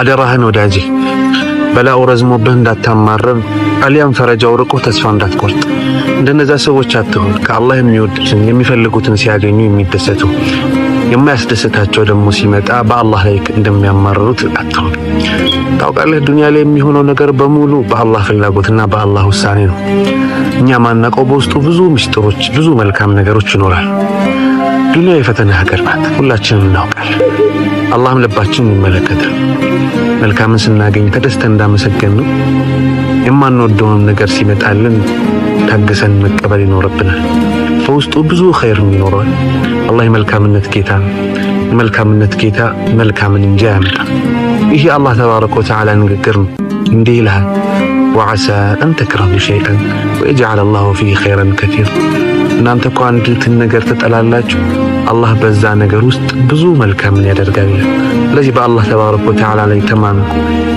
አደራህን ወዳጄ በላው ረዝሞብህ እንዳታማረብ አሊያም ፈረጃው ርቆ ተስፋ እንዳትቆርጥ። እንደነዛ ሰዎች አትሁን። ከአላህ የሚወዱትን የሚፈልጉትን ሲያገኙ የሚደሰቱ የማያስደስታቸው ደግሞ ሲመጣ በአላህ ላይ እንደሚያማርሩት አትሁን። ታውቃለህ፣ ዱንያ ላይ የሚሆነው ነገር በሙሉ በአላህ ፍላጎትና በአላህ ውሳኔ ነው። እኛ ማናቀው በውስጡ ብዙ ምስጢሮች፣ ብዙ መልካም ነገሮች ይኖራል። ዱንያ የፈተና ሀገር ናት፣ ሁላችንም እናውቃለን። አላህም ልባችንን ይመለከታል። መልካምን ስናገኝ ተደስተን እንዳመሰገን ነው። የማንወደውንም ነገር ሲመጣልን ታግሰን መቀበል ይኖርብናል። በውስጡ ብዙ ኸይርም ይኖረዋል። አላህ የመልካምነት ጌታ መልካምነት ጌታ መልካምን እንጂ አያመጣም። ይህ የአላህ ተባረከ ወተዓላ ንግግር ነው። እንዲህ ይልሃል፣ ወዐሳ አን ተክረሁ ሸይአን ወየጅዐለ ላሁ ፊህ ኸይረን ከቲራ። እናንተ እኮ አንድትን ነገር ትጠላላችሁ አላህ በዛ ነገር ውስጥ ብዙ መልካምን ያደርጋል። ስለዚህ በአላህ ተባረከ ወተዓላ ላይ ተማመን፣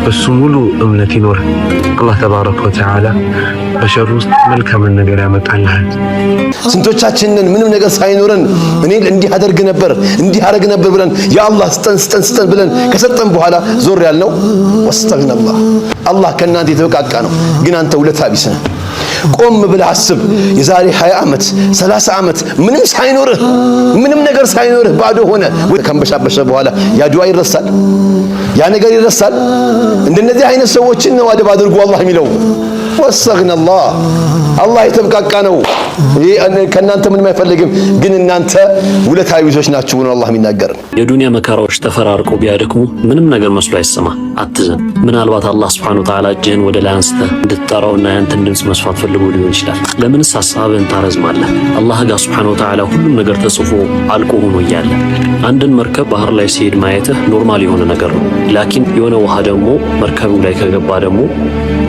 በሱ ሙሉ እምነት ይኖር። አላህ ተባረከ ወተዓላ በሸር ውስጥ መልካምን ነገር ያመጣልሃል። ስንቶቻችንን ምንም ነገር ሳይኖረን እኔ እንዲህ አደርግ ነበር እንዲህ አደርግ ነበር ብለን ያ አላህ ስጠን ስጠን ስጠን ብለን ከሰጠን በኋላ ዞር ያልነው ወስተግነላህ አላህ ከእናንተ የተበቃቃ ነው፣ ግን አንተ ውለታ ቢስ ነህ። ቆም ብለህ አስብ። የዛሬ 20 ዓመት 30 ዓመት ምንም ሳይኖርህ ምንም ነገር ሳይኖርህ ባዶ ሆነ ከንበሻበሸ በኋላ ያ ዱዓ ይረሳል፣ ያ ነገር ይረሳል። እንደነዚህ አይነት ሰዎችን ነው አደብ አድርጉ አላህ የሚለው ወሰግነላህ አላህ የተብቃቃ ነው። ከእናንተ ምንም አይፈልግም፣ ግን እናንተ ውለታ ቢሶች ናችሁ ብሎ አላህ የሚናገር የዱንያ መከራዎች ተፈራርቆ ቢያደክሙ ምንም ነገር መስሎ አይሰማ፣ አትዘን። ምናልባት አላህ ሱብሓነሁ ወተዓላ እጅህን ወደ ላይ አንስተ እንድትጠራውና ያንተን ድምፅ መስፋት ፈልጎ ሊሆን ይችላል። ለምንስ ሀሳብህን ታረዝማለህ? አላህ ጋር ሱብሓነሁ ወተዓላ ሁሉም ነገር ተጽፎ አልቆ ሆኖ እያለ አንድን መርከብ ባህር ላይ ሲሄድ ማየትህ ኖርማል የሆነ ነገር ነው። ላኪን የሆነ ውሃ ደግሞ መርከቡ ላይ ከገባ ደግሞ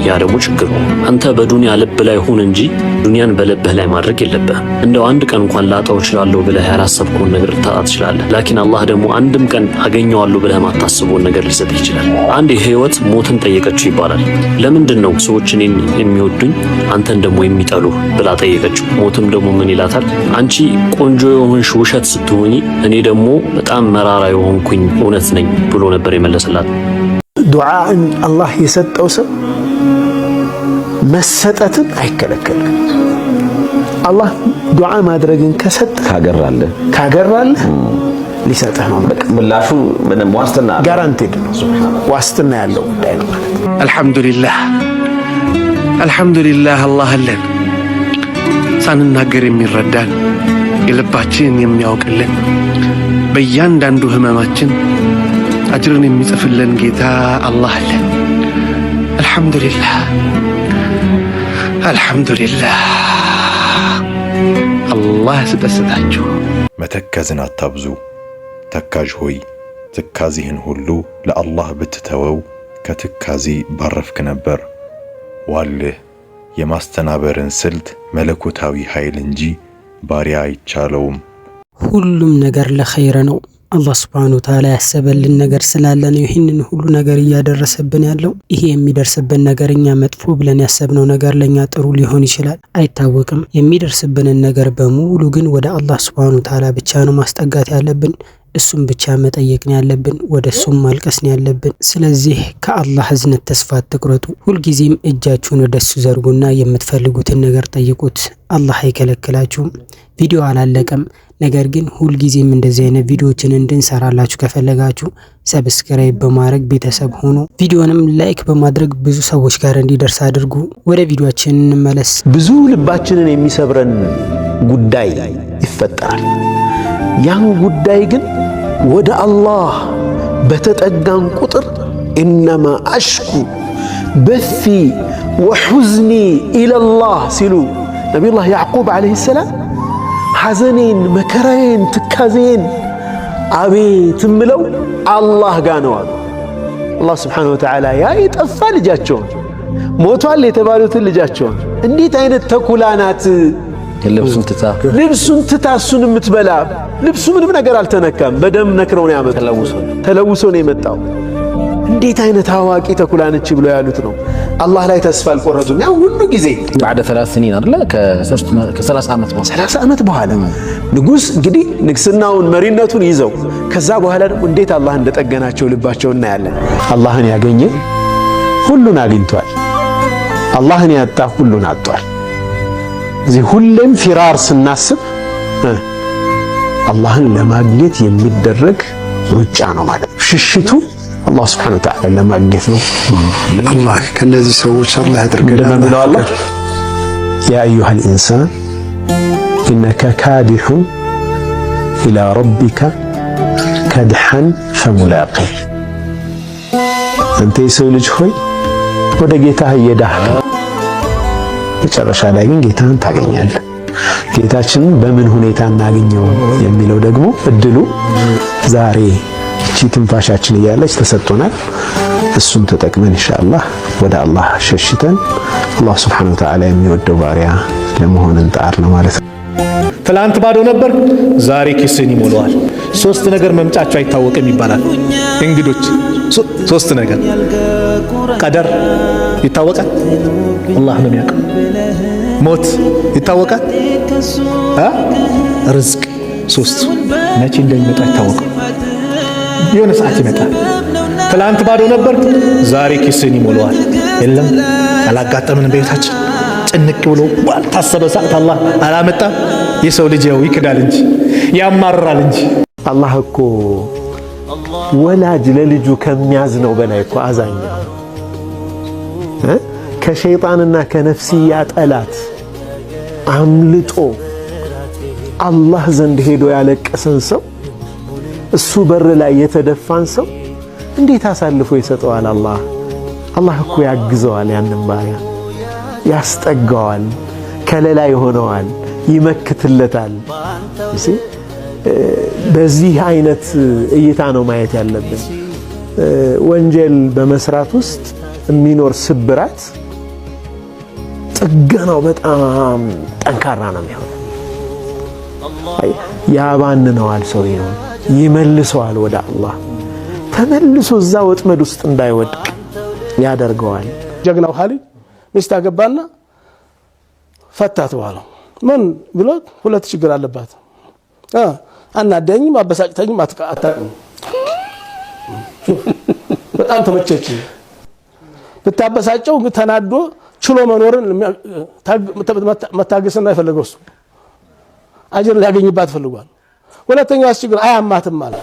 ያ ደግሞ ችግር ነው። አንተ በዱንያ ልብ ላይ ሁን እንጂ ዱንያን በልብህ ላይ ማድረግ የለብህም። እንደው አንድ ቀን እንኳን ላጣው እችላለሁ ብለህ ያላሰብከውን ነገር ልታጣ ትችላለህ። ላኪን አላህ ደግሞ አንድም ቀን አገኘዋለሁ ብለህ ማታስበውን ነገር ሊሰጥ ይችላል። አንድ ህይወት ሞትን ጠየቀችው ይባላል። ለምንድን ነው ሰዎች እኔን የሚወዱኝ አንተን ደግሞ የሚጠሉ ብላ ጠየቀችው። ሞትም ደግሞ ምን ይላታል? አንቺ ቆንጆ የሆንሽ ውሸት ስትሆኚ፣ እኔ ደግሞ በጣም መራራ የሆንኩኝ እውነት ነኝ ብሎ ነበር የመለሰላት። ዱዓን አላህ የሰጠው ሰው መሰጠትን አይከለከልም። አላህ ዱዓ ማድረግን ከሰጥ ካገራለ ካገራለ ሊሰጥህ ነው። በቃ ምላሹ ምንም ዋስትና ጋራንቲድ ዋስትና ያለው ጉዳይ ነው ማለት ነው። አልሐምዱሊላህ አልሐምዱሊላህ አላህ አለን ሳንናገር የሚረዳን የልባችንን የሚያውቅልን በእያንዳንዱ ህመማችን አጅርን የሚጽፍልን ጌታ አላህ አለን። አልሐምዱሊላህ አልሐምዱሊላህ አላህ ያስደስታችሁ። መተከዝን አታብዙ። ተካዥ ሆይ ትካዚህን ሁሉ ለአላህ ብትተወው ከትካዜ ባረፍክ ነበር። ዋልህ የማስተናበርን ስልት መለኮታዊ ኃይል እንጂ ባሪያ አይቻለውም። ሁሉም ነገር ለኸይር ነው። አላህ ስብሐነሁ ወተዓላ ያሰበልን ነገር ስላለ ነው ይህንን ሁሉ ነገር እያደረሰብን ያለው። ይሄ የሚደርስብን ነገር እኛ መጥፎ ብለን ያሰብነው ነገር ለእኛ ጥሩ ሊሆን ይችላል፣ አይታወቅም። የሚደርስብንን ነገር በሙሉ ግን ወደ አላህ ስብሐነሁ ወተዓላ ብቻ ነው ማስጠጋት ያለብን። እሱም ብቻ መጠየቅ ነው ያለብን። ወደ እሱም ማልቀስ ነው ያለብን። ስለዚህ ከአላህ እዝነት ተስፋ አትቁረጡ። ሁልጊዜም እጃችሁን ወደ እሱ ዘርጉና የምትፈልጉትን ነገር ጠይቁት። አላህ አይከለክላችሁም። ቪዲዮ አላለቀም። ነገር ግን ሁልጊዜም እንደዚህ አይነት ቪዲዮዎችን እንድንሰራላችሁ ከፈለጋችሁ ሰብስክራይብ በማድረግ ቤተሰብ ሆኖ ቪዲዮንም ላይክ በማድረግ ብዙ ሰዎች ጋር እንዲደርስ አድርጉ። ወደ ቪዲዮችን እንመለስ። ብዙ ልባችንን የሚሰብረን ጉዳይ ይፈጠራል። ያን ጉዳይ ግን ወደ አላህ በተጠጋን ቁጥር ኢነማ አሽኩ በፊ ወሑዝኒ ኢለላህ ሲሉ ነቢዩላህ ያዕቁብ ዓለይሂ ሰላም ሐዘኔን፣ መከራዬን፣ ትካዜን አቤት እምለው አላህ ጋ ነው አሉ። አላህ ስብሓነሁ ወተዓላ ያ የጠፋ ልጃቸውን ሞቷል የተባሉትን ልጃቸውን እንዴት አይነት ተኩላ ናት! ልብሱን ትታ እሱን የምትበላ ልብሱ ምንም ነገር አልተነካም። በደም ነክረው ነው ያመጡት። ተለውሶ ነው የመጣው። እንዴት አይነት አዋቂ ተኩላ ነች ብለው ያሉት ነው። አላህ ላይ ተስፋ አልቆረጡም። ያ ሁሉ ጊዜ ባደ ሰላሳ ስኒን አይደለ ከሰላሳ ዓመት በኋላ ሰላሳ ዓመት በኋላ ንጉስ እንግዲህ ንግስናውን መሪነቱን ይዘው ከዛ በኋላ ደግሞ እንዴት አላህ እንደጠገናቸው ልባቸው እናያለን። አላህን ያገኘ ሁሉን አግኝቷል። አላህን ያጣ ሁሉን አጥቷል። እዚህ ሁሌም ፊራር ስናስብ አላህን ለማግኘት የሚደረግ ሩጫ ነው ማለት ነው ሽሽቱ አላህ ስብሐነ ወተዓላ ለማግኘት ነው። አላህ ከነዚህ ሰዎች አላህ ያድርገናል ብለዋል። ያ አዩሃል ኢንሳን ኢነከ ካዲሑን ኢላ ረቢከ ከድሐን ፈሙላቂ አንተ የሰው ልጅ ሆይ ወደ ጌታህ እየዳህ መጨረሻ ላይ ግን ጌታህን ታገኛለህ። ጌታችንን በምን ሁኔታ እናገኘው የሚለው ደግሞ እድሉ ዛሬ ትንፋሻችን እያለች ተሰጥቶናል። እሱን ተጠቅመን ኢንሻአላህ ወደ አላህ ሸሽተን አላህ ሱብሓነሁ ወተዓላ የሚወደው ባሪያ ለመሆን እንጣር ነው ማለት ነው። ትላንት ባዶ ነበር፣ ዛሬ ኪስን ይሞላዋል። ሶስት ነገር መምጫቸው አይታወቅም ይባላል። እንግዶች ሶስት ነገር ቀደር ይታወቃል፣ አላህ ነው የሚያውቀው። ሞት ይታወቃል፣ ርዝቅ ሶስት መቼ እንደሚመጣ አይታወቅም። የሆነ ሰዓት ይመጣል። ትላንት ባዶ ነበር፣ ዛሬ ኪስን ይሞላዋል። የለም አላጋጠምን በቤታችን ጭንቅ ብሎ ባልታሰበ ሰዓት አላህ አላመጣም። የሰው ልጅ ያው ይክዳል እንጂ ያማራል እንጂ አላህ እኮ ወላጅ ለልጁ ከሚያዝነው በላይ እኮ አዛኝ ከሸይጣንና ከነፍስያ ጠላት አምልጦ አላህ ዘንድ ሄዶ ያለቀሰን ሰው እሱ በር ላይ የተደፋን ሰው እንዴት አሳልፎ ይሰጠዋል? አላህ አላህ እኮ ያግዘዋል፣ ያንን ባሪያ ያስጠጋዋል፣ ከለላ ይሆነዋል፣ ይመክትለታል። በዚህ አይነት እይታ ነው ማየት ያለብን። ወንጀል በመስራት ውስጥ የሚኖር ስብራት ጥገናው በጣም ጠንካራ ነው የሚሆነው። ያባንነዋል፣ ሰውየው ይመልሰዋል ወደ አላህ ተመልሶ እዛ ወጥመድ ውስጥ እንዳይወድቅ ያደርገዋል። ጀግናው ኻሊድ ሚስት አገባና ፈታት። በኋላ ምን ብሎ ሁለት ችግር አለባት። አናደኝም፣ አበሳጭተኝም አታውቅም። በጣም ተመቸች። ብታበሳጨው ተናዶ ችሎ መኖርን መታገስና የፈለገው እሱ አጅር ሊያገኝባት ፈልጓል። ሁለተኛው አስችግር አያማትም አለ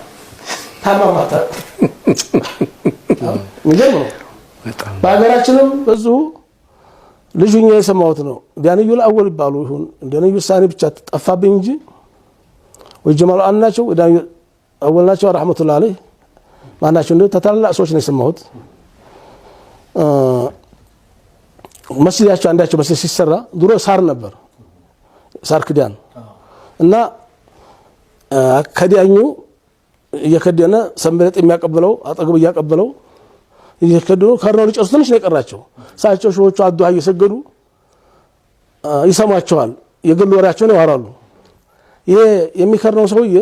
ታማማታ ይገርም ነው። በሀገራችንም በዙ ልጁኛ የሰማሁት ነው። ዳንዩ ለአወል ይባሉ ይሁን ዳንዩ ሳኒ ብቻ ጠፋብኝ እንጂ ወይ ጀማሉ አናቸው ናቸው ዳንዩ አወል ናቸው ረሕመቱላህ አለይህ ማናቸው እንደ ታላላቅ ሰዎች ነው የሰማሁት። መስጂዳቸው አንዳቸው መስጂድ ሲሰራ ድሮ ሳር ነበር፣ ሳር ክዳን እና ከዳኙ እየከደነ ሰንበሌጥ የሚያቀብለው አጠገብ እያቀበለው እየከደኑ ከርነው ሊጨርሱ ትንሽ ነው የቀራቸው። እሳቸው ሺዎቹ አዱሃ እየሰገዱ ይሰማቸዋል። የግል ወሬያቸውን ያወራሉ። ይሄ የሚከርነው ሰውዬ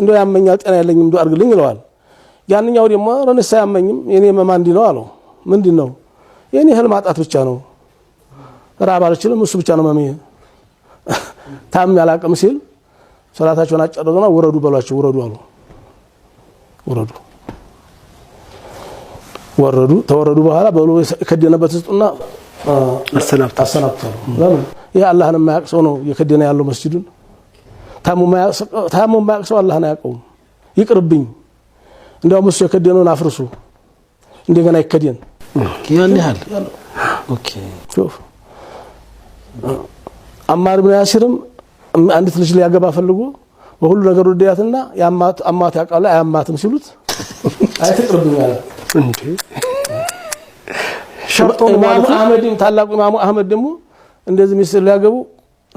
እንደው ያመኛል፣ ጤና የለኝም፣ እንደው አድርግልኝ ይለዋል። ያንኛው ደግሞ ረንሳ አያመኝም፣ የኔ መማ እንዲህ ነው አለው። ምንድን ነው የኔ እህል ማጣት ብቻ ነው፣ ራብ አልችልም፣ እሱ ብቻ ነው መሜ ታም ያላቅም ሲል ሰላታቸውን አጨረሱና ውረዱ በሏቸው። ውረዱ አሉ። ውረዱ ወረዱ። ተወረዱ በኋላ በሎ የከደነበት ስጡና አሰናብታሉ። ይህ አላህን የማያውቅ ሰው ነው የከደነ ያለው መስጂዱን። ታሞ የማያውቅ ሰው አላህን አያውቀውም። ይቅርብኝ፣ እንዲያውም እሱ የከደነውን አፍርሱ፣ እንደገና ይከደን ያን ያህል አማር ብን ያሲርም አንዲት ልጅ ሊያገባ ፈልጎ በሁሉ ነገር ወደያትና አማት ያውቃል አያማትም ሲሉት አይፈቅርብኛል እንዴ ሸርጦን አህመድም ታላቁ አህመድ ደግሞ እንደዚህ ሚስት ሊያገቡ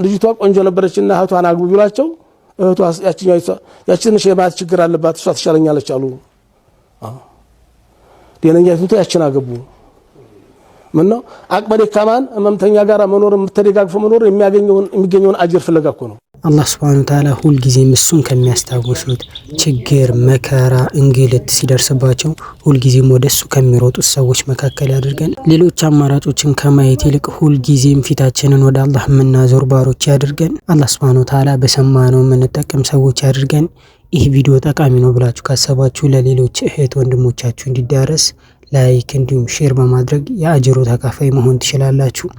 ልጅቷ ቆንጆ ነበረችና እህቷን አግቡ ቢሏቸው እህቷ ያችን ችግር አለባት እሷ ትሻለኛለች አሉ። ያችን አገቡ። ምን ነው አቅመ ደካማን ህመምተኛ ጋር መኖር የምተደጋግፎ መኖር የሚገኘውን አጅር ፍለጋ እኮ ነው። አላህ ስብሐነ ወተዓላ ሁልጊዜም እሱን ከሚያስታውሱት ችግር፣ መከራ፣ እንግልት ሲደርስባቸው ሁልጊዜም ወደ እሱ ከሚሮጡት ሰዎች መካከል ያድርገን። ሌሎች አማራጮችን ከማየት ይልቅ ሁልጊዜም ፊታችንን ወደ አላህ የምናዞር ባሮች ያድርገን። አላህ ስብሐነ ወተዓላ በሰማነው የምንጠቀም ሰዎች ያድርገን። ይህ ቪዲዮ ጠቃሚ ነው ብላችሁ ካሰባችሁ ለሌሎች እህት ወንድሞቻችሁ እንዲዳረስ ላይክ እንዲሁም ሼር በማድረግ የአጅሮ ተካፋይ መሆን ትችላላችሁ።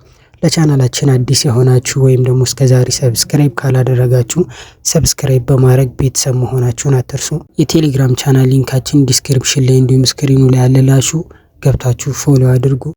ለቻናላችን አዲስ የሆናችሁ ወይም ደግሞ እስከዛሬ ሰብስክራይብ ካላደረጋችሁ ሰብስክራይብ በማድረግ ቤተሰብ መሆናችሁን አትርሱ። የቴሌግራም ቻናል ሊንካችን ዲስክሪፕሽን ላይ እንዲሁም ስክሪኑ ላይ ያለላችሁ ገብታችሁ ፎሎ አድርጉ።